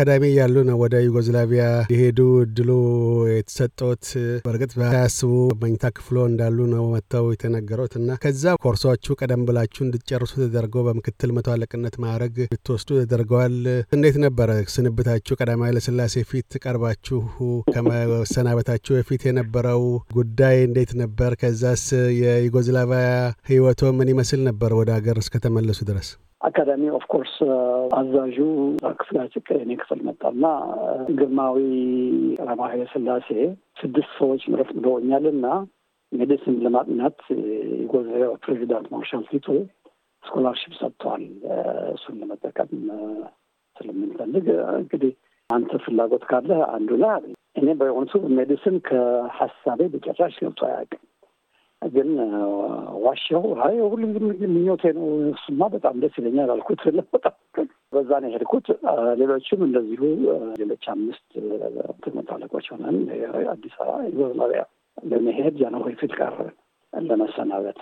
ቀዳሚ ያሉ ነው ወደ ዩጎዝላቪያ ሊሄዱ እድሉ የተሰጠት በእርግጥ ሳያስቡ መኝታ ክፍሎ እንዳሉ ነው መጥተው የተነገሩት እና ከዛ ኮርሶቹ ቀደም ብላችሁ እንድትጨርሱ ተደርገው በምክትል መቶ አለቅነት ማዕረግ ልትወስዱ ተደርገዋል። እንዴት ነበረ ስንብታችሁ? ቀዳማዊ ኃይለሥላሴ ፊት ቀርባችሁ ከመሰናበታችሁ በፊት የነበረው ጉዳይ እንዴት ነበር? ከዛስ የዩጎዝላቪያ ህይወቶ ምን ይመስል ነበር ወደ ሀገር እስከተመለሱ ድረስ? አካዳሚ ኦፍኮርስ አዛዡ ክፍላች እኔ ክፍል መጣና ግርማዊ ቀዳማዊ ኃይለ ሥላሴ ስድስት ሰዎች ምረት ብለውኛል እና ሜዲሲን ለማጥናት የጎዘያ ፕሬዚዳንት ማርሻል ቲቶ ስኮላርሽፕ ሰጥተዋል። እሱን ለመጠቀም ስለምንፈልግ እንግዲህ አንተ ፍላጎት ካለህ አንዱ ላ እኔ በእውነቱ ሜዲሲን ከሀሳቤ በጨራሽ ገብቶ አያውቅም። ግን ዋሻው አይ ሁሉ ምኞቴ ነው እሱማ በጣም ደስ ይለኛል አልኩት። በጣም በዛ ነው የሄድኩት። ሌሎችም እንደዚሁ ሌሎች አምስት ትምህርት አለቆች ሆነን አዲስ አበባ ዩጎዝላቪያ ለመሄድ ጃንሆይ ፊት ቀረን ለመሰናበት።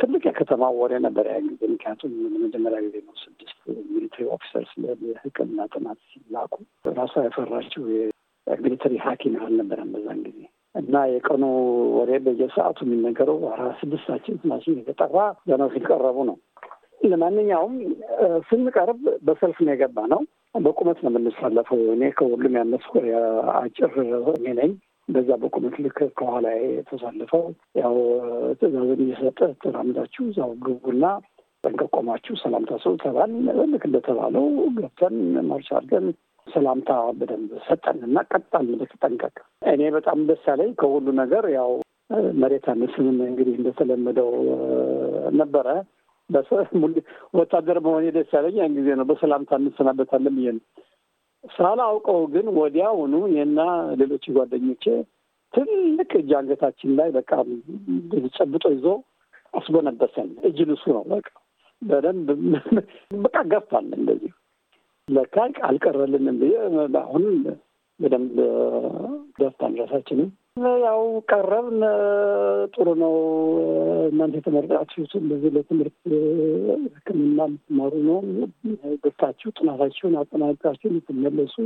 ትልቅ የከተማ ወሬ ነበር ያ ጊዜ። ምክንያቱም ለመጀመሪያ ጊዜ ነው ስድስት ሚሊትሪ ኦፊሰርስ ለሕክምና ጥናት ሲላኩ ራሷ የፈራችው የሚሊተሪ ሐኪም አልነበረም በዛን ጊዜ እና የቀኑ ወሬ በየሰዓቱ የሚነገረው አራ ስድስታችን ስማችን እየጠራ ገና ሲቀረቡ ነው። ለማንኛውም ስንቀርብ በሰልፍ ነው የገባ ነው። በቁመት ነው የምንሳለፈው። እኔ ከሁሉም ያነስኩ አጭር እኔ ነኝ። በዛ በቁመት ልክ ከኋላ የተሳለፈው ያው ትዕዛዝን እየሰጠ ተራምዳችሁ እዛው ግቡና ጠንቀቆማችሁ ሰላምታ ሰው ተባል ልክ እንደተባለው ገብተን ማርሽ አድርገን ሰላምታ በደንብ ሰጠን እና ቀጣል በተጠንቀቅ እኔ በጣም ደስ ያለኝ ከሁሉ ነገር ያው መሬት አነስንም እንግዲህ እንደተለመደው ነበረ። ወታደር መሆን ደስ ያለኝ ያን ጊዜ ነው። በሰላምታ እንሰናበታለን ብዬ ነው ሳላውቀው፣ ግን ወዲያውኑ ይህና ሌሎች ጓደኞቼ ትልቅ እጅ አንገታችን ላይ በቃ ጨብጦ ይዞ አስጎነበሰን። እጅ ንሱ ነው በቃ በደንብ በቃ ገፋል እንደዚህ ለካ አልቀረልንም ብዬ አሁን በደንብ ደፍታን ራሳችንም ያው ቀረብን። ጥሩ ነው እናንተ የተመረጣችሁት እንደዚህ ለትምህርት ሕክምና የምትማሩ ነው። ገብታችሁ ጥናታችሁን አጠናቃችሁ ልትመለሱ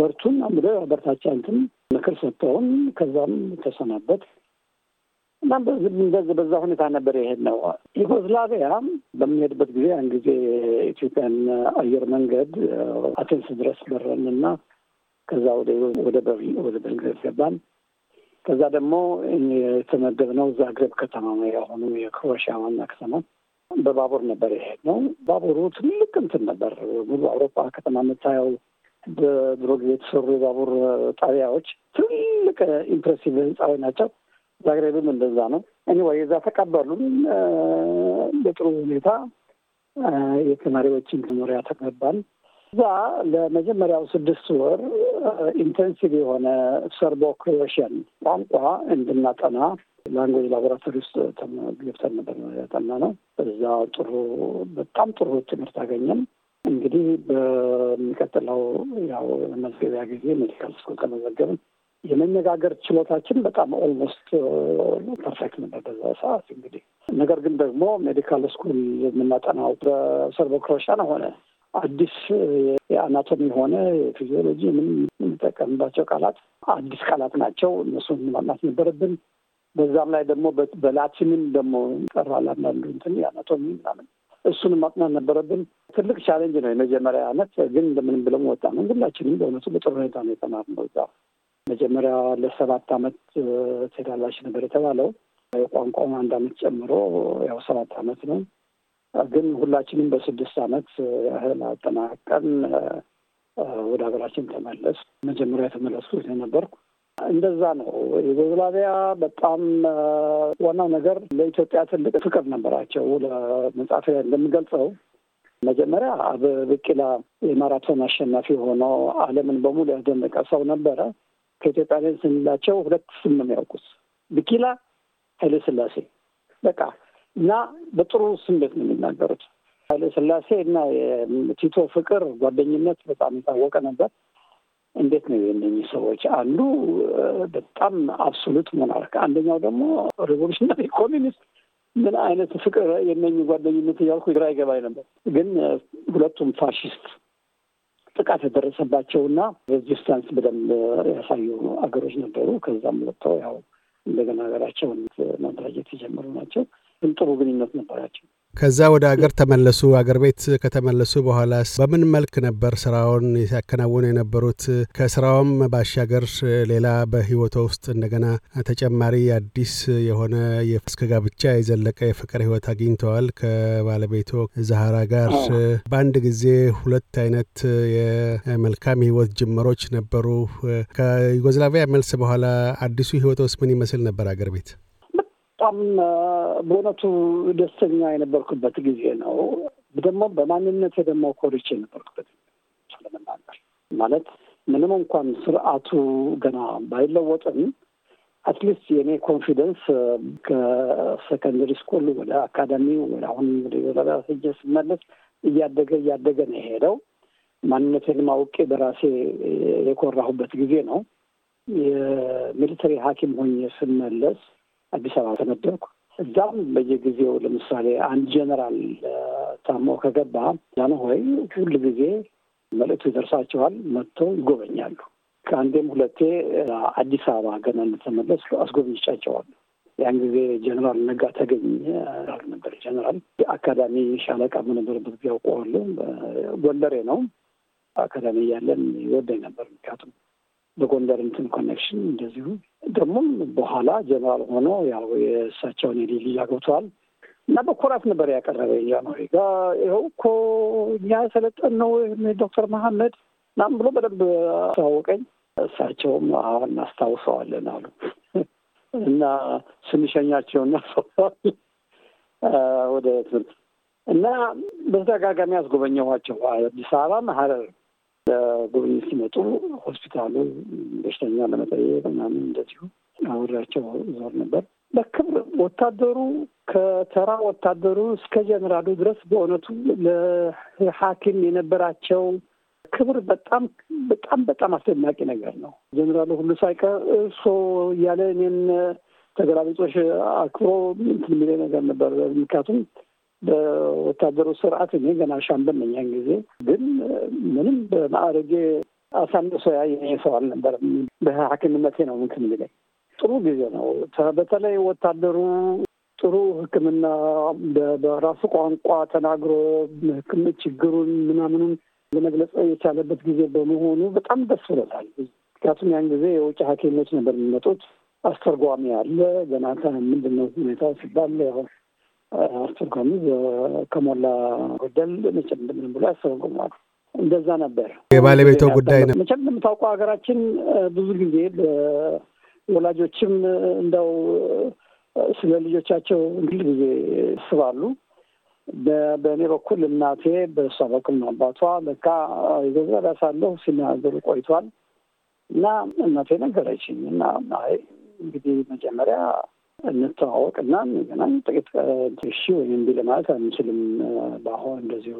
በርቱን ብለ በርታቻንትን ምክር ሰጥተውን ከዛም ተሰናበት እና በዛ ሁኔታ ነበር የሄድ ነው። ዩጎዝላቪያ በምንሄድበት ጊዜ ያን ጊዜ ኢትዮጵያን አየር መንገድ አቴንስ ድረስ በረን እና ከዛ ወደ ወደ ወደ በልግሬድ ገባን። ከዛ ደግሞ የተመደብነው ዛግሬብ ከተማ ነው የአሁኑ የክሮሽያ ዋና ከተማ። በባቡር ነበር ነው። ባቡሩ ትልቅ እንትን ነበር። ሙሉ አውሮፓ ከተማ የምታየው በድሮ ጊዜ የተሰሩ የባቡር ጣቢያዎች ትልቅ ኢምፕሬሲቭ ህንፃዊ ናቸው። ዛግሬብም እንደዛ ነው። እኒወይ እዛ ተቀበሉን በጥሩ ሁኔታ የተማሪዎችን መኖሪያ ተገባል። እዛ ለመጀመሪያው ስድስት ወር ኢንቴንሲቭ የሆነ ሰርቦ ክሮሽን ቋንቋ እንድናጠና ላንጉጅ ላቦራቶሪ ውስጥ ገብተን ነበር ያጠና ነው። እዛ ጥሩ በጣም ጥሩ ትምህርት አገኘን። እንግዲህ በሚቀጥለው ያው መዝገቢያ ጊዜ ሜዲካል ስኩል ከመዘገብን የመነጋገር ችሎታችን በጣም ኦልሞስት ፐርፌክት ነበር በዛ ሰዓት እንግዲህ። ነገር ግን ደግሞ ሜዲካል ስኩል የምናጠናው በሰርቦክሮሻን ሆነ አዲስ የአናቶሚ ሆነ የፊዚዮሎጂ ምን የምንጠቀምባቸው ቃላት አዲስ ቃላት ናቸው። እነሱን ማጥናት ነበረብን። በዛም ላይ ደግሞ በላቲንም ደግሞ ይቀራል አንዳንዱ እንትን የአናቶሚ ምናምን እሱን ማጥናት ነበረብን። ትልቅ ቻሌንጅ ነው የመጀመሪያ ዓመት ግን እንደምንም ብለው ወጣ ነው። ሁላችንም በእውነቱ በጥሩ ሁኔታ ነው የተማርነው እዛ መጀመሪያ ለሰባት አመት ትሄዳላሽ ነበር የተባለው። ቋንቋውን አንድ አመት ጨምሮ ያው ሰባት አመት ነው። ግን ሁላችንም በስድስት አመት ያህል አጠናቀን ወደ ሀገራችን ተመለስ። መጀመሪያ የተመለሱ ነበርኩ እንደዛ ነው። ዩጎዝላቪያ በጣም ዋናው ነገር ለኢትዮጵያ ትልቅ ፍቅር ነበራቸው። ለመጽሐፍ እንደምገልጸው መጀመሪያ አብ ብቂላ የማራቶን አሸናፊ ሆኖ ዓለምን በሙሉ ያስደነቀ ሰው ነበረ። ከኢትዮጵያውያን ስንላቸው ሁለት ስም ነው የሚያውቁት ብኪላ ኃይለ ስላሴ በቃ እና በጥሩ ስሜት ነው የሚናገሩት። ኃይለ ስላሴ እና የቲቶ ፍቅር ጓደኝነት በጣም የታወቀ ነበር። እንዴት ነው የነኝ ሰዎች አንዱ በጣም አብሶሉት ሞናርክ፣ አንደኛው ደግሞ ሬቮሉሽናሪ ኮሚኒስት ምን አይነት ፍቅር የነኝ ጓደኝነት እያልኩ ግራ ይገባኝ ነበር። ግን ሁለቱም ፋሽስት ጥቃት የደረሰባቸውና ሬዚስታንስ በደንብ ያሳዩ አገሮች ነበሩ። ከዛም ወጥተው ያው እንደገና ሀገራቸውን ማደራጀት የጀመሩ ናቸው። ግን ጥሩ ግንኙነት ነበራቸው። ከዛ ወደ አገር ተመለሱ። አገር ቤት ከተመለሱ በኋላ በምን መልክ ነበር ስራውን ሲያከናውኑ የነበሩት? ከስራውም ባሻገር ሌላ በህይወቶ ውስጥ እንደገና ተጨማሪ አዲስ የሆነ እስከ ጋብቻ የዘለቀ የፍቅር ህይወት አግኝተዋል ከባለቤቶ ዛህራ ጋር። በአንድ ጊዜ ሁለት አይነት የመልካም ህይወት ጅምሮች ነበሩ። ከዩጎዝላቪያ መልስ በኋላ አዲሱ ህይወት ውስጥ ምን ይመስል ነበር አገር ቤት? በጣም በእውነቱ ደስተኛ የነበርኩበት ጊዜ ነው። ደግሞ በማንነት ደግሞ ኮሪች የነበርኩበት ለመናገር ማለት ምንም እንኳን ስርዓቱ ገና ባይለወጥም አትሊስት የእኔ ኮንፊደንስ ከሰከንደሪ ስኩል ወደ አካደሚ ወደ አሁን ወደ ስመለስ እያደገ እያደገ ነው የሄደው። ማንነቴንም አውቄ በራሴ የኮራሁበት ጊዜ ነው። የሚሊተሪ ሐኪም ሆኜ ስመለስ አዲስ አበባ ተመደብኩ። እዛም በየጊዜው ለምሳሌ አንድ ጀነራል ታሞ ከገባ ጃንሆይ ሁል ጊዜ መልእክቱ ይደርሳቸዋል። መጥተው ይጎበኛሉ። ከአንዴም ሁለቴ አዲስ አበባ ገና እንደተመለስ አስጎብኝቻቸዋሉ። ያን ጊዜ ጀነራል ነጋ ተገኝ ነበር። ጀነራል አካዳሚ ሻለቃ በነበረበት ጊዜ አውቀዋለሁ። ጎንደሬ ነው። አካዳሚ እያለን ይወደኝ ነበር። ምክንያቱም በጎንደር እንትን ኮኔክሽን እንደዚሁ ደግሞም በኋላ ጀነራል ሆኖ ያው የእሳቸውን የሊሊ አግብተዋል እና በኩራት ነበር ያቀረበ ጃንሆይ ጋር ይኸው እኮ እኛ የሰለጠን ነው ዶክተር መሐመድ ናም ብሎ በደንብ አስተዋወቀኝ። እሳቸውም አሁን እናስታውሰዋለን አሉ እና ስንሸኛቸው እናስታውሰዋለን ወደ ትምህርት እና በተደጋጋሚ ያስጎበኘኋቸው አዲስ አበባ ሐረር ለጉብኝት ሲመጡ ሆስፒታሉ በሽተኛ ለመጠየቅ ምናምን እንደዚሁ አብሬያቸው ዞር ነበር። በክብር ወታደሩ ከተራ ወታደሩ እስከ ጀኔራሉ ድረስ በእውነቱ ለሐኪም የነበራቸው ክብር በጣም በጣም በጣም አስደናቂ ነገር ነው። ጀኔራሉ ሁሉ ሳይቀር እርሶ እያለ እኔን ተገላቢጦሽ አክብሮ የሚለኝ ነገር ነበር። ምክንያቱም በወታደሩ ስርዓት እኔ ገና ሻምበል ነኝ ያን ጊዜ። ግን ምንም በማዕረጌ አሳንሶ ያየኝ ሰው አልነበረም። በሐኪምነቴ ነው ምንትን የሚለኝ። ጥሩ ጊዜ ነው። በተለይ ወታደሩ ጥሩ ሕክምና በራሱ ቋንቋ ተናግሮ ሕክምና ችግሩን ምናምኑን ለመግለጽ የቻለበት ጊዜ በመሆኑ በጣም ደስ ብሎታል። ምክንያቱም ያን ጊዜ የውጭ ሐኪሞች ነበር የሚመጡት። አስተርጓሚ አለ ገና ምንድነው ሁኔታ ሲባል አስተርጓሚ ከሞላ ጎደል መቼም እንደምንም ብሎ ያስተረጉሟል። እንደዛ ነበር የባለቤቶ ጉዳይ ነው። መቼም እንደምታውቀው ሀገራችን ብዙ ጊዜ ወላጆችም እንደው ስለ ልጆቻቸው እንግል ጊዜ ስባሉ። በእኔ በኩል እናቴ በእሷ በኩል ነው አባቷ ለካ የገዛ ዳሳለሁ ሲናገሩ ቆይቷል እና እናቴ ነገረችኝ እና አይ እንግዲህ መጀመሪያ እንተዋወቅ እና እንገናኝ። ጥቂት እሺ ወይም እምቢ ለማለት አንችልም። በአሁን እንደዚሁ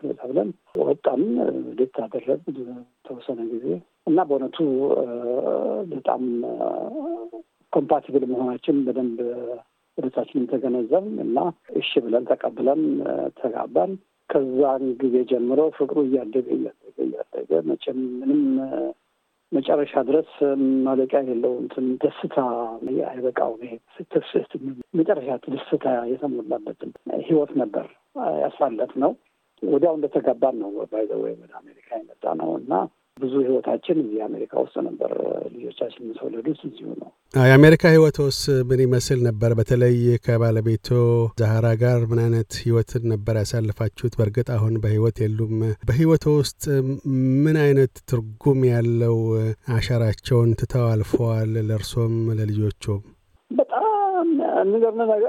ሁኔታ ብለን ወጣን። ዴት አደረግ ተወሰነ ጊዜ እና በእውነቱ በጣም ኮምፓቲብል መሆናችን በደንብ ሁለታችንም ተገነዘብን እና እሺ ብለን ተቀብለን ተጋባን። ከዛን ጊዜ ጀምሮ ፍቅሩ እያደገ እያደገ እያደገ መቼም ምንም መጨረሻ ድረስ ማለቂያ የለው እንትን ደስታ አይበቃው ይሄ መጨረሻ ደስታ የተሞላበትን ህይወት ነበር ያሳለፍ ነው። ወዲያው እንደተጋባን ነው ባይዘወይ ወደ አሜሪካ የመጣ ነው እና ብዙ ህይወታችን እዚህ አሜሪካ ውስጥ ነበር። ልጆቻችን የተወለዱት እዚሁ ነው። የአሜሪካ ህይወትስ ምን ይመስል ነበር? በተለይ ከባለቤቶ ዛህራ ጋር ምን አይነት ህይወትን ነበር ያሳልፋችሁት? በእርግጥ አሁን በህይወት የሉም። በህይወቶ ውስጥ ምን አይነት ትርጉም ያለው አሻራቸውን ትተው አልፈዋል? ለእርሶም ለልጆቹም በጣም የሚገርም ነገር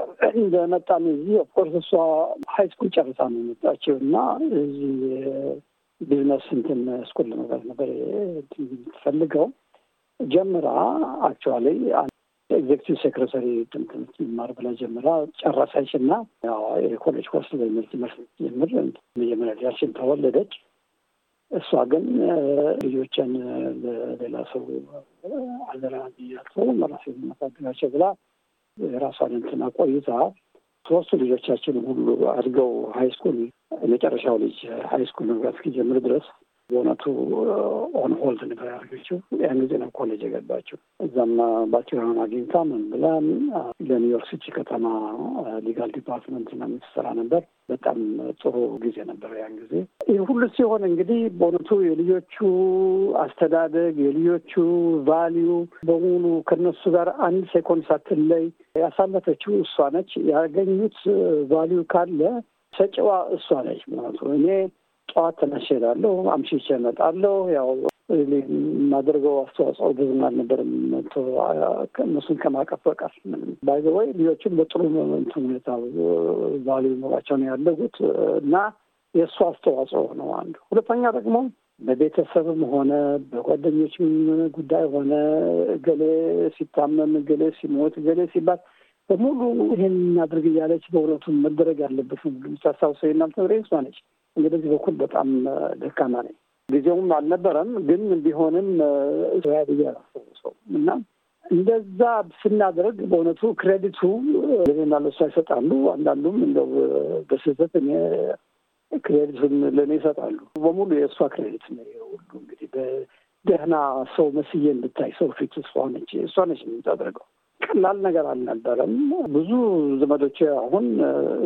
እንደመጣን እዚህ ኦፍኮርስ እሷ ሀይ ስኩል ጨርሳ ነው የመጣችው እና እዚህ ቢዝነስ እንትን ስኩል ነገር ነበር የምትፈልገው ጀምራ አክቹዋሊ ኤግዜክቲቭ ሴክሬታሪ ትምህርት ይማር ብላ ጀምራ ጨረሰች እና የኮሌጅ ኮርስ በሚል ትምህርት ጀምር መጀመሪያ ልጃችን ተወለደች። እሷ ግን ልጆችን ለሌላ ሰው አዘራ ያልሰው መራሴ ማሳደጋቸው ብላ የራሷን እንትን አቆይታ ሶስቱ ልጆቻችን ሁሉ አድገው ሀይ ስኩል የመጨረሻው ልጅ ሀይ ስኩል መግባት እስኪጀምር ድረስ በእውነቱ ኦን ሆልድ ነበር ያደረገችው። ያን ጊዜ ነው ኮሌጅ የገባችው። እዛም ባችለርን አግኝታ ምን ብላ ለኒውዮርክ ሲቲ ከተማ ሊጋል ዲፓርትመንት ነው የምትሰራ ነበር። በጣም ጥሩ ጊዜ ነበር ያን ጊዜ። ይህ ሁሉ ሲሆን እንግዲህ በእውነቱ የልጆቹ አስተዳደግ፣ የልጆቹ ቫሊዩ በሙሉ ከነሱ ጋር አንድ ሴኮንድ ሳትለይ ያሳለፈችው እሷ ነች። ያገኙት ቫሊዩ ካለ ሰጭዋ እሷ ነች። ምክንያቱ እኔ ጠዋት ተነሽ እሄዳለሁ፣ አምሽቼ እመጣለሁ። ያው የማደርገው አስተዋጽኦ ብዙም አልነበረም እነሱን ከማቀፍ በቀር። ወይ ልጆችን በጥሩ እንትን ሁኔታ ባሉ ኖሯቸው ነው ያለጉት እና የእሱ አስተዋጽኦ ነው አንዱ። ሁለተኛ ደግሞ በቤተሰብም ሆነ በጓደኞችም ጉዳይ ሆነ እገሌ ሲታመም፣ እገሌ ሲሞት፣ እገሌ ሲባል በሙሉ ይህን አድርግ እያለች በእውነቱም መደረግ ያለበት ሳስታውሰ እናንተ እሷ ነች። እንግዲህ በዚህ በኩል በጣም ደካማ ነኝ። ጊዜውም አልነበረም፣ ግን ቢሆንም ያብያ ሰው እና እንደዛ ስናደርግ በእውነቱ ክሬዲቱ ለእኔና ለሷ ይሰጣሉ። አንዳንዱም እንደው በስህተት እኔ ክሬዲቱን ለእኔ ይሰጣሉ። በሙሉ የእሷ ክሬዲት ነው ሁሉ እንግዲህ በደህና ሰው መስዬ እንድታይ ሰው ፊት እሷ ነች እሷ ነች የምታደርገው ቀላል ነገር አልነበረም። ብዙ ዘመዶች አሁን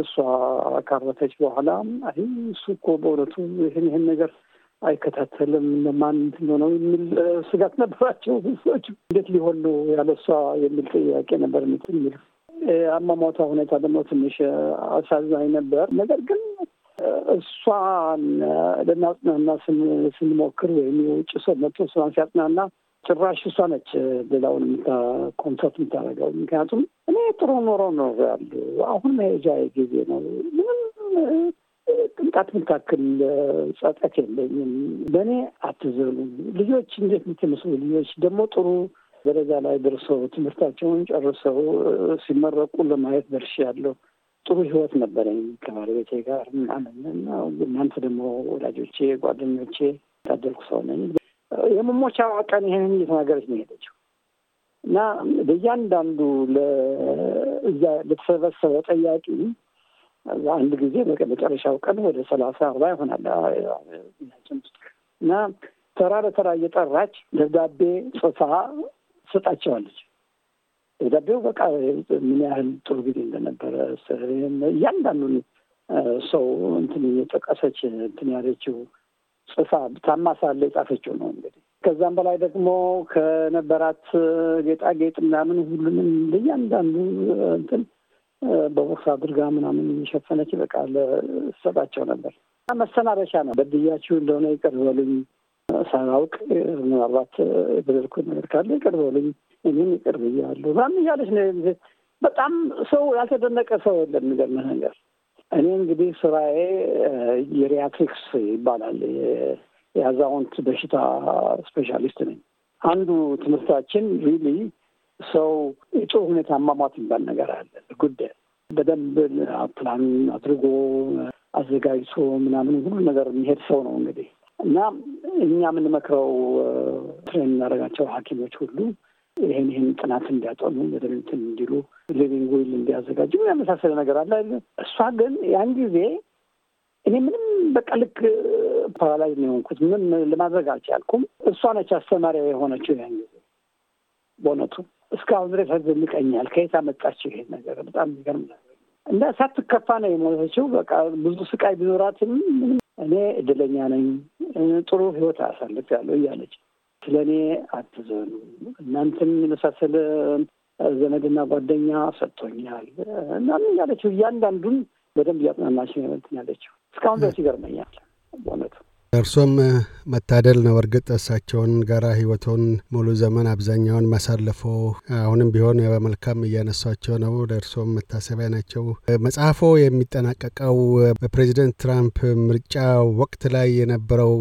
እሷ ካረፈች በኋላ አይ እሱ እኮ በእውነቱ ይህን ይህን ነገር አይከታተልም ለማን ነው የሚል ስጋት ነበራቸው። ሰዎች እንዴት ሊሆን ነው ያለ እሷ የሚል ጥያቄ ነበር የሚል አሟሟቷ ሁኔታ ደግሞ ትንሽ አሳዛኝ ነበር። ነገር ግን እሷን ልናጽናና ስንሞክር ወይም የውጭ ሰው መጥቶ ስራን ሲያጽናና ጭራሽ እሷ ነች ሌላውን ኮንሰርት የምታደርገው። ምክንያቱም እኔ ጥሩ ኖሮ ነው ያሉ አሁን መሄጃ ጊዜ ነው። ምንም ቅንጣት ምታክል ጸጠት የለኝም። በእኔ አትዘኑ ልጆች፣ እንዴት የምትመስሉ ልጆች ደግሞ ጥሩ ደረጃ ላይ ደርሰው ትምህርታቸውን ጨርሰው ሲመረቁ ለማየት ደርሻለሁ። ጥሩ ህይወት ነበረኝ ከባለቤቴ ጋር ምናምን እና እናንተ ደግሞ ወዳጆቼ፣ ጓደኞቼ ታደልኩ ሰው ነኝ። የመሞቻ ቀን ይህንን እየተናገረች ነው የሄደችው እና በእያንዳንዱ ለተሰበሰበ ጠያቂ አንድ ጊዜ መጨረሻው ቀን ወደ ሰላሳ አርባ ይሆናል እና ተራ ለተራ እየጠራች ደብዳቤ ጽፋ ሰጣቸዋለች። ደብዳቤው በቃ ምን ያህል ጥሩ ጊዜ እንደነበረ እያንዳንዱን ሰው እንትን እየጠቀሰች እንትን ያለችው ጽፋ ታማ ሳለ የጻፈችው ነው እንግዲህ ከዛም በላይ ደግሞ ከነበራት ጌጣጌጥ ምናምን ሁሉንም ለእያንዳንዱ እንትን በቦርሳ አድርጋ ምናምን የሸፈነች በቃ ለሰጣቸው ነበር። መሰናበሻ ነው። በድያችሁ እንደሆነ ይቅር በሉኝ፣ ሳላውቅ ምናልባት የበደልኩት ነገር ካለ ይቅር በሉኝ፣ እኔም ይቅር ብያለሁ ምናምን እያለች ነው። በጣም ሰው ያልተደነቀ ሰው የለም የሚገርምህ ነገር እኔ እንግዲህ ስራዬ የሪያትሪክስ ይባላል የአዛውንት በሽታ ስፔሻሊስት ነኝ። አንዱ ትምህርታችን ሪሊ ሰው የጥሩ ሁኔታ አሟሟት የሚባል ነገር አለ። ጉዳይ በደንብ ፕላን አድርጎ አዘጋጅቶ ምናምን ሁሉ ነገር የሚሄድ ሰው ነው እንግዲህ እና እኛ የምንመክረው ትሬን የምናደርጋቸው ሐኪሞች ሁሉ ይህን ይህን ጥናት እንዲያጠኑ መድንትን እንዲሉ ሊቪንግ ዊል እንዲያዘጋጁ የመሳሰለ ነገር አለ። እሷ ግን ያን ጊዜ እኔ ምንም በቃ ልክ ፓራላይዝ ነው የሆንኩት። ምንም ለማድረግ አልቻልኩም። እሷ ነች አስተማሪያ የሆነችው ያን ጊዜ። በእውነቱ እስካሁን ድረስ ያዘንቀኛል። ከየት አመጣችው ይሄን ነገር? በጣም የሚገርም ነገር እና ሳትከፋ ነው የሞተችው። በቃ ብዙ ስቃይ ቢኖራትም እኔ እድለኛ ነኝ ጥሩ ህይወት አሳልፍ ያለው እያለች ስለ እኔ አትዘኑ፣ እናንተም የመሳሰለ ዘመድና ጓደኛ ሰጥቶኛል እና ያለችው እያንዳንዱን በደንብ እያጽናናች ነው ያለችው። እስካሁን ድረስ ይገርመኛል በእውነቱ። እርሶም መታደል ነው። እርግጥ እሳቸውን ጋራ ህይወቶን ሙሉ ዘመን አብዛኛውን ማሳለፎ አሁንም ቢሆን በመልካም እያነሷቸው ነው። ለእርሶም መታሰቢያ ናቸው። መጽሐፎ የሚጠናቀቀው በፕሬዚደንት ትራምፕ ምርጫ ወቅት ላይ የነበረው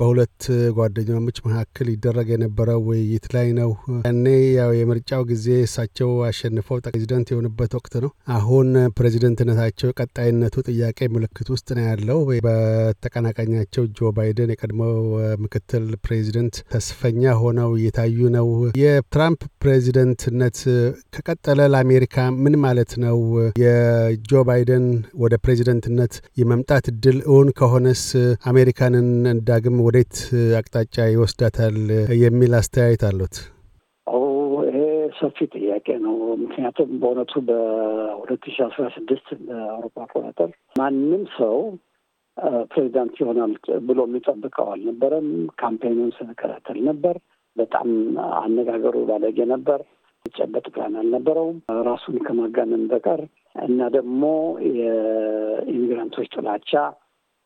በሁለት ጓደኞች መካከል ይደረግ የነበረው ውይይት ላይ ነው። ያኔ ያው የምርጫው ጊዜ እሳቸው አሸንፈው ፕሬዚደንት የሆኑበት ወቅት ነው። አሁን ፕሬዚደንትነታቸው ቀጣይነቱ ጥያቄ ምልክት ውስጥ ነው ያለው በተቀናቃኛቸው ጆ ባይደን የቀድሞው ምክትል ፕሬዚደንት ተስፈኛ ሆነው እየታዩ ነው። የትራምፕ ፕሬዚደንትነት ከቀጠለ ለአሜሪካ ምን ማለት ነው? የጆ ባይደን ወደ ፕሬዚደንትነት የመምጣት እድል እውን ከሆነስ አሜሪካንን እንዳግም ወዴት አቅጣጫ ይወስዳታል የሚል አስተያየት አሉት? ሰፊ ጥያቄ ነው። ምክንያቱም በእውነቱ በሁለት ሺ አስራ ስድስት በአውሮፓ አቆጣጠር ማንም ሰው ፕሬዚዳንት ይሆናል ብሎ የሚጠብቀው አልነበረም። ካምፔኑን ስንከታተል ነበር። በጣም አነጋገሩ ባለጌ ነበር። ጨበጥ ፕላን አልነበረውም ራሱን ከማጋነን በቀር እና ደግሞ የኢሚግራንቶች ጥላቻ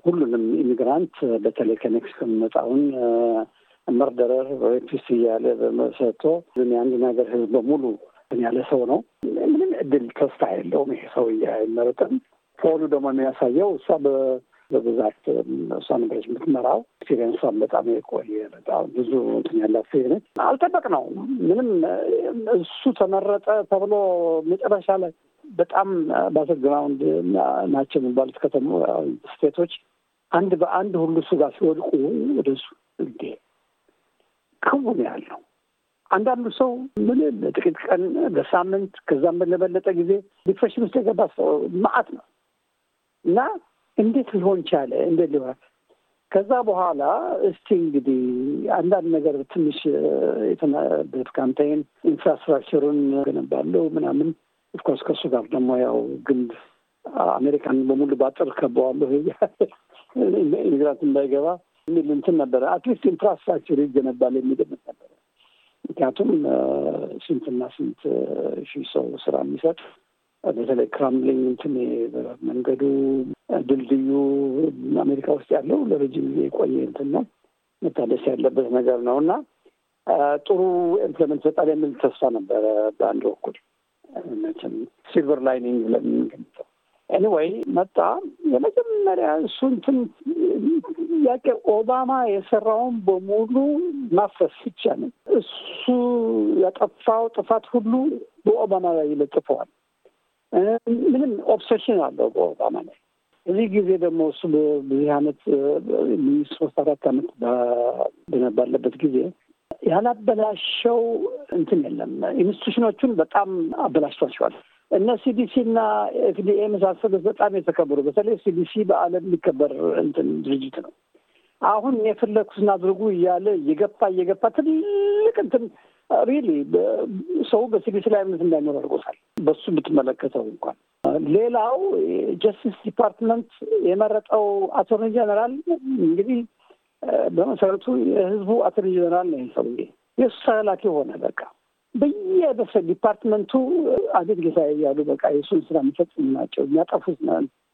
ሁሉንም ኢሚግራንት በተለይ ከሜክሲኮ የሚመጣውን መርደረር ሬፒስ እያለ በመሰቶ የአንድ ነገር ህዝብ በሙሉ ያለ ሰው ነው። ምንም እድል ተስፋ የለውም። ይሄ ሰው አይመረጥም። ፖሉ ደግሞ የሚያሳየው እሷ በብዛት እሷ ነበረች የምትመራው። ኤክስፔሪንሷን በጣም የቆየ በጣም ብዙ እንትን ያላት ሴት ነች። አልጠበቅነው ምንም እሱ ተመረጠ ተብሎ መጨረሻ ላይ በጣም ባክግራውንድ ናቸው የሚባሉት ከተሞ ስቴቶች አንድ በአንድ ሁሉ እሱ ጋር ሲወድቁ ወደ እሱ እንዴ ክውን ያለው አንዳንዱ ሰው ምን ጥቂት ቀን በሳምንት ከዛም በለበለጠ ጊዜ ዲፕሬሽን ውስጥ የገባ ሰው ማአት ነው እና እንዴት ሊሆን ቻለ? እንደ ሊሆን ከዛ በኋላ እስቲ እንግዲህ አንዳንድ ነገር ትንሽ የተናበት ካምፓይን ኢንፍራስትራክቸሩን ገነባለው ምናምን ኦፍኮርስ ከሱ ጋር ደግሞ ያው ግንብ አሜሪካን በሙሉ ባጥር ከበዋለሁ ኢሚግራንት እንዳይገባ የሚል እንትን ነበረ። አትሊስት ኢንፍራስትራክቸር ይገነባል የሚል ነበረ። ምክንያቱም ስንትና ስንት ሺህ ሰው ስራ የሚሰጥ በተለይ ክራምሊንግ እንትን መንገዱ ድልድዩ አሜሪካ ውስጥ ያለው ለረጅም ጊዜ የቆየ እንትን ነው፣ መታደስ ያለበት ነገር ነው እና ጥሩ ኢምፕለመንት ይሰጣል የሚል ተስፋ ነበረ። በአንድ በኩል ሲልቨር ላይኒንግ ብለን የምንገምተው መጣ። የመጀመሪያ እሱ እንትን ያቄ ኦባማ የሰራውን በሙሉ ማፍረስ ብቻ ነው። እሱ ያጠፋው ጥፋት ሁሉ በኦባማ ላይ ይለጥፈዋል። ምንም ኦብሴሽን አለው በኦባማ ላይ እዚህ ጊዜ ደግሞ እሱ በዚህ አመት ሶስት አራት አመት ባለበት ጊዜ ያላበላሸው እንትን የለም። ኢንስቲቱሽኖቹን በጣም አበላሽቷቸዋል። እነ ሲዲሲ እና ኤፍዲኤ የመሳሰሉት በጣም የተከበሩ በተለይ ሲዲሲ በዓለም የሚከበር እንትን ድርጅት ነው። አሁን የፈለግኩትን አድርጉ እያለ እየገፋ እየገፋ ትልቅ እንትን ሪሊ ሰው በሲቪስ ላይ እምነት እንዳይኖር አድርጎታል። በሱ ብትመለከተው እንኳን ሌላው ጀስቲስ ዲፓርትመንት የመረጠው አቶርኒ ጀነራል እንግዲህ በመሰረቱ የህዝቡ አቶርኒ ጀነራል ነው። ሰውዬ የሱ ተላላኪ ሆነ። በቃ በየበሰ ዲፓርትመንቱ አቤት ጌታ እያሉ በቃ የሱን ስራ የሚፈጽሙ ናቸው። የሚያጠፉት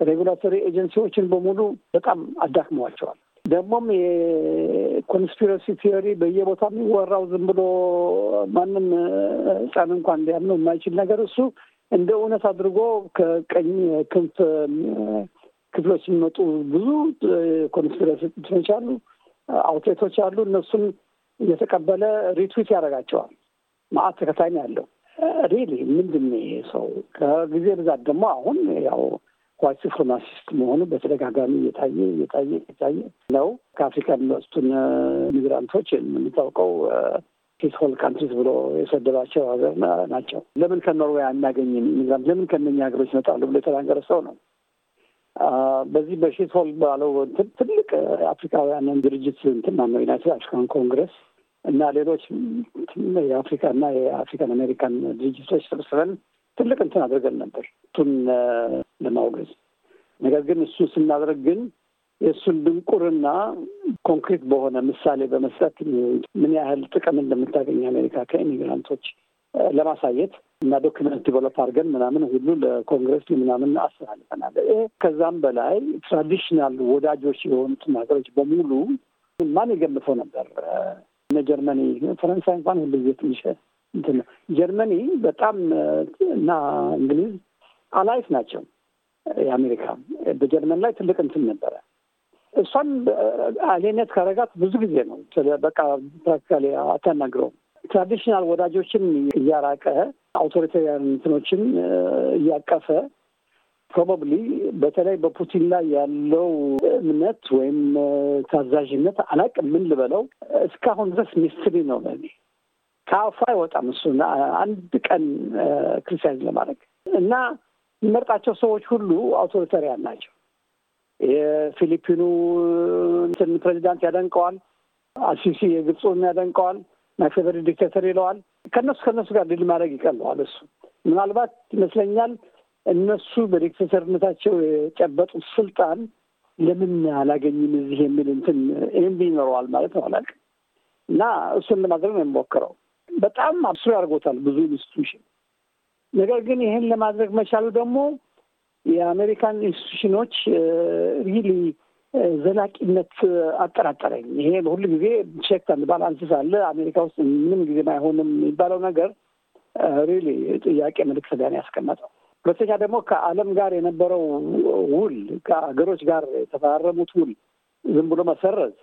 ሬጉላቶሪ ኤጀንሲዎችን በሙሉ በጣም አዳክመዋቸዋል። ደግሞም የኮንስፒረሲ ቲዮሪ በየቦታ የሚወራው ዝም ብሎ ማንም ህፃን እንኳን ሊያምነው የማይችል ነገር እሱ እንደ እውነት አድርጎ ከቀኝ ክንፍ ክፍሎች የሚመጡ ብዙ ኮንስፒረሲ እንትኖች አሉ፣ አውትሌቶች አሉ። እነሱን እየተቀበለ ሪትዊት ያደርጋቸዋል። ማአት ተከታይ ነው ያለው። ሪሊ ምንድን ነው ይሄ ሰው? ከጊዜ ብዛት ደግሞ አሁን ያው ዋይት ሱፕሪማሲስት መሆኑ በተደጋጋሚ እየታየ እየታየ እየታየ ነው። ከአፍሪካ የሚወጡትን ሚግራንቶች የምንታውቀው ሂዝ ካንትሪስ ብሎ የሰደባቸው ሀገር ናቸው። ለምን ከኖርዌይ አናገኝም? ሚግራንት ለምን ከነኛ ሀገሮች ይመጣሉ ብሎ የተናገረ ሰው ነው። በዚህ በሂዝ ባለው ትልቅ አፍሪካውያንን ድርጅት እንትን ነው ዩናይትድ አፍሪካን ኮንግረስ እና ሌሎች የአፍሪካ የአፍሪካና የአፍሪካን አሜሪካን ድርጅቶች ሰብስበን ትልቅ እንትን አድርገን ነበር እሱን ለማውገዝ። ነገር ግን እሱ ስናደርግ ግን የእሱን ድንቁርና ኮንክሪት በሆነ ምሳሌ በመስጠት ምን ያህል ጥቅም እንደምታገኝ አሜሪካ ከኢሚግራንቶች ለማሳየት እና ዶክመንት ዲቨሎፕ አድርገን ምናምን ሁሉ ለኮንግረስ ምናምን አስተላልፈናል። ይሄ ከዛም በላይ ትራዲሽናል ወዳጆች የሆኑትን ሀገሮች በሙሉ ማን የገምተው ነበር? እነ ጀርመኒ፣ ፈረንሳይ እንኳን ሁሉ ጊዜ ትንሽ ጀርመኒ በጣም እና እንግሊዝ አላይፍ ናቸው። የአሜሪካ በጀርመን ላይ ትልቅ እንትን ነበረ። እሷን አሌነት ካረጋት ብዙ ጊዜ ነው። በቃ ፕራክቲካሊ አታናግረውም። ትራዲሽናል ወዳጆችን እያራቀ አውቶሪታሪያን እንትኖችን እያቀፈ ፕሮባብሊ በተለይ በፑቲን ላይ ያለው እምነት ወይም ታዛዥነት አላቅ ምን ልበለው እስካሁን ድረስ ሚስትሪ ነው ለእኔ ከአፉ አይወጣም። እሱ አንድ ቀን ክርስቲያን ለማድረግ እና የሚመርጣቸው ሰዎች ሁሉ አውቶሪታሪያን ናቸው። የፊሊፒኑ ፕሬዚዳንት ያደንቀዋል። አሲሲ የግብፁም ያደንቀዋል። ማይ ፌቨሪት ዲክቴተር ይለዋል። ከነሱ ከነሱ ጋር ድል ማድረግ ይቀለዋል። እሱ ምናልባት ይመስለኛል እነሱ በዲክቴተርነታቸው የጨበጡት ስልጣን ለምን አላገኝም እዚህ የሚል እንትን ይህም ይኖረዋል ማለት ነው አላውቅም እና እሱን ለማድረግ ነው የሚሞክረው። በጣም አብስሮ ያደርጎታል ብዙ ኢንስቲቱሽን። ነገር ግን ይህን ለማድረግ መቻሉ ደግሞ የአሜሪካን ኢንስቲቱሽኖች ሪሊ ዘላቂነት አጠራጠረኝ። ይሄ ሁሉ ጊዜ ቼክ አንድ ባላንስስ አለ አሜሪካ ውስጥ ምንም ጊዜ አይሆንም የሚባለው ነገር ሪሊ ጥያቄ ምልክት ጋር ያስቀመጠው። ሁለተኛ ደግሞ ከዓለም ጋር የነበረው ውል ከሀገሮች ጋር የተፈራረሙት ውል ዝም ብሎ መሰረዝ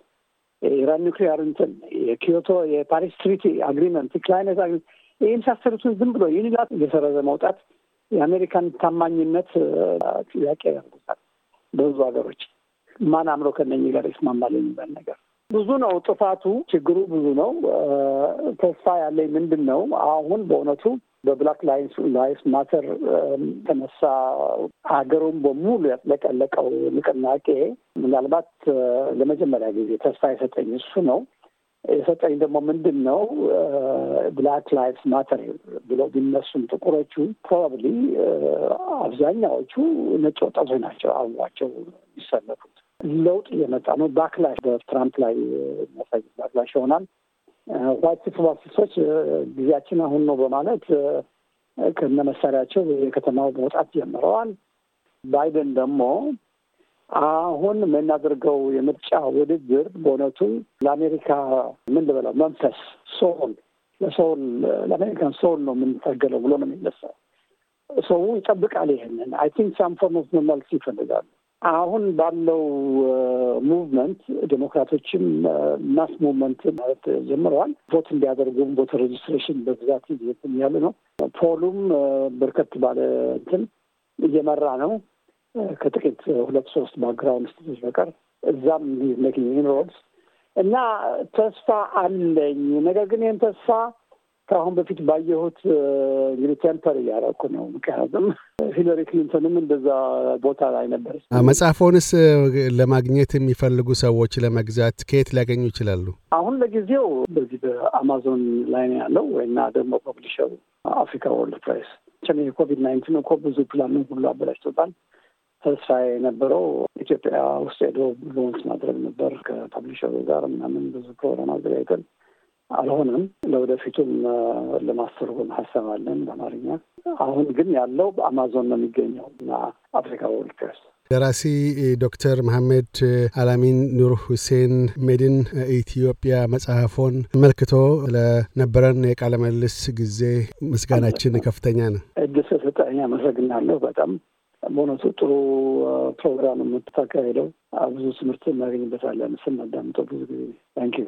የኢራን ኒውክሊየር እንትን የኪዮቶ የፓሪስ ትሪቲ አግሪመንት ክላይነት አግሪመንት የመሳሰሉትን ዝም ብሎ ዩኒላት እየሰረዘ መውጣት የአሜሪካን ታማኝነት ጥያቄ ያደርጉታል። በብዙ ሀገሮች ማን አምሮ ከነኝ ጋር ይስማማል የሚባል ነገር ብዙ ነው። ጥፋቱ ችግሩ ብዙ ነው። ተስፋ ያለኝ ምንድን ነው አሁን በእውነቱ በብላክ ላይንስ ማተር ተነሳ ሀገሩን በሙሉ ያጥለቀለቀው ንቅናቄ ምናልባት ለመጀመሪያ ጊዜ ተስፋ የሰጠኝ እሱ ነው። የሰጠኝ ደግሞ ምንድን ነው ብላክ ላይቭስ ማተር ብሎ ቢነሱም ጥቁሮቹ ፕሮባብሊ አብዛኛዎቹ ነጭ ወጣቶች ናቸው አብሯቸው የሚሰለፉት። ለውጥ እየመጣ ነው። ባክላሽ በትራምፕ ላይ የሚያሳይ ባክላሽ ይሆናል። ዋት ፋሽስቶች ጊዜያችን አሁን ነው በማለት ከነ መሳሪያቸው የከተማው መውጣት ጀምረዋል። ባይደን ደግሞ አሁን የምናደርገው የምርጫ ውድድር በእውነቱ ለአሜሪካ ምን ልበለው መንፈስ ሶል ለሶል ለአሜሪካን ሶል ነው የምንታገለው ብሎ ነው የሚነሳው። ሰው ይጠብቃል። ይህንን አይ ቲንክ ሳም ፎርም ኦፍ መልስ ይፈልጋሉ። አሁን ባለው ሙቭመንት ዴሞክራቶችም ማስ ሙቭመንት ማለት ጀምረዋል። ቮት እንዲያደርጉም ቮተር ሬጅስትሬሽን በብዛት ይዘትም ያለ ነው። ፖሉም በርከት ባለ እንትን እየመራ ነው ከጥቂት ሁለት ሶስት ባክግራውንድ ስቶች በቀር እዛም ሜኪንግ ኢንሮድስ እና ተስፋ አለኝ። ነገር ግን ይህን ተስፋ ከአሁን በፊት ባየሁት እንግዲህ ቴምፐር እያረኩ ነው። ምክንያቱም ሂለሪ ክሊንተንም እንደዛ ቦታ ላይ ነበር። መጽሐፎንስ ለማግኘት የሚፈልጉ ሰዎች ለመግዛት ከየት ሊያገኙ ይችላሉ? አሁን ለጊዜው በዚህ በአማዞን ላይ ነው ያለው ወይና ደግሞ ፐብሊሸሩ አፍሪካ ወርልድ ፕሬስ። ቸን የኮቪድ ናይንቲን እኮ ብዙ ፕላን ሁሉ አበላሽቶታል። ተስፋ የነበረው ኢትዮጵያ ውስጥ ሄዶ ሎንች ማድረግ ነበር ከፐብሊሸሩ ጋር ምናምን ብዙ ፕሮግራም አዘጋጅተን አልሆነም። ለወደፊቱም ለማስተርጎም ሀሳብ አለን በአማርኛ። አሁን ግን ያለው በአማዞን ነው የሚገኘው እና አፍሪካ ወርልድ ደራሲ ዶክተር መሐመድ አላሚን ኑር ሁሴን ሜድን ኢትዮጵያ መጽሐፎን መልክቶ ለነበረን የቃለ ምልልስ ጊዜ ምስጋናችን ከፍተኛ ነው። እድል ስለሰጠኸኝ አመሰግናለሁ። በጣም በእውነቱ ጥሩ ፕሮግራም የምታካሄደው ብዙ ትምህርት እናገኝበታለን ስናዳምጠው ብዙ ጊዜ ታንኪዩ